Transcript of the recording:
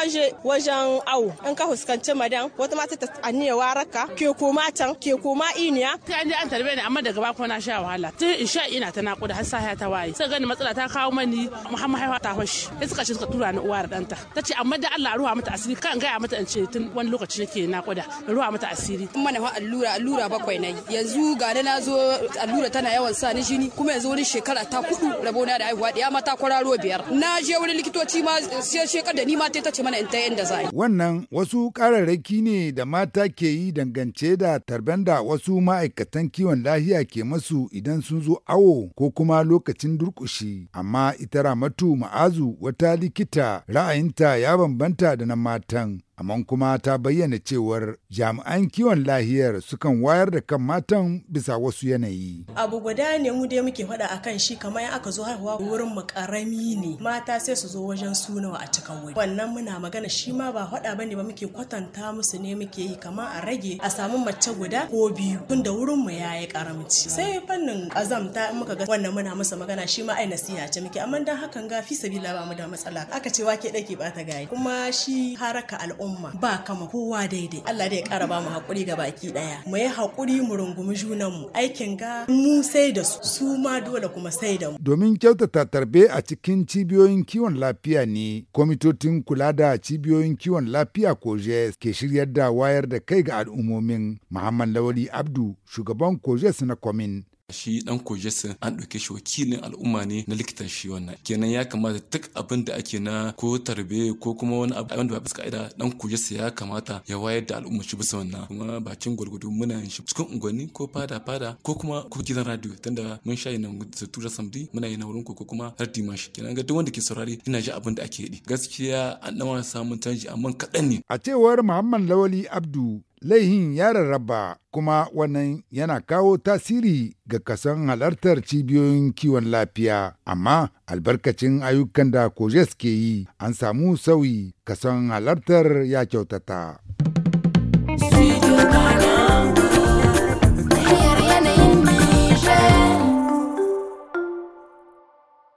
ka je wajen awo in ka fuskanci madan wata mata ta aniya waraka ke koma can ke koma iniya sai an je an tarbe ni amma daga bako na sha wahala tun in sha ina ta nakuda har sahiya ta waye sai gani matsala ta kawo mani muhammad haifa ta fashi sai suka ce suka tura ni uwar danta ta ce amma da Allah ruwa mata asiri kan gaya mata in ce tun wani lokaci nake nakuda ruwa mata asiri kuma na allura allura bakwai nayi yanzu ga na zo allura tana yawan sa ni jini kuma yanzu wani shekara ta kudu rabona da haihuwa da ya mata kwararo biyar na je wani likitoci ma sai shekar da ni ma ta ce mana in ta inda za Wannan wasu ƙararraki ne da mata ke yi dangance da tarban da wasu ma'aikatan kiwon lahiya ke masu idan sun zo awo ko kuma lokacin durƙushi. Amma ita Ramatu Ma'azu wata likita ra'ayinta ya bambanta da na matan. amma kuma ta bayyana cewar jami'an kiwon lahiyar sukan wayar da kan matan bisa wasu yanayi. Abu guda ne mu dai muke faɗa akan shi kamar aka zo haihuwa wurin mu karami ne mata sai su zo wajen sunawa a cikin wuri. Wannan muna magana shi ma ba faɗa bane ba muke kwatanta musu ne muke yi kamar a rage a samu mace guda ko biyu tun da wurin mu yayi karamci. Sai fannin azamta in muka ga wannan muna masa magana shi ma ai nasiha ce muke amma dan hakan ga fi sabila ba mu da matsala aka ce wake dake bata gayi kuma shi haraka al'umma al'umma ba kama kowa daidai Allah da ya kara ba mu haƙuri ga baki ɗaya mu yi haƙuri mu rungumi junan mu aikin ga mu sai da su su ma dole kuma sai da mu domin kyautata tarbe a cikin cibiyoyin kiwon lafiya ne kwamitotin kula da cibiyoyin kiwon lafiya JES ke shiryar da wayar da kai ga al'ummomin Muhammad Lawali Abdu shugaban kojes na komin shi dan kojesin an ɗauke shi wakilin al'umma ne na likitan shi wannan kenan ya kamata duk abin da ake na ko tarbe ko kuma wani abu wanda ba bisa ka'ida dan kojesin ya kamata ya wayar da al'umma shi bisa wannan kuma bakin gwargwado muna yin shi cikin unguwanni ko fada fada ko kuma ko gidan radio tunda mun sha yin da tura samdi muna yin wurin ko kuma har dimashi kenan ga duk wanda ke saurari ina ji abin da ake yi gaskiya an dan samun canji amma kaɗan ne a cewar muhammad lawali abdu laihin ya rarraba kuma wannan yana kawo tasiri ga kasan halartar cibiyoyin kiwon lafiya amma albarkacin ayyukan da kojes ke yi an samu sauyi kasan halartar ya kyautata.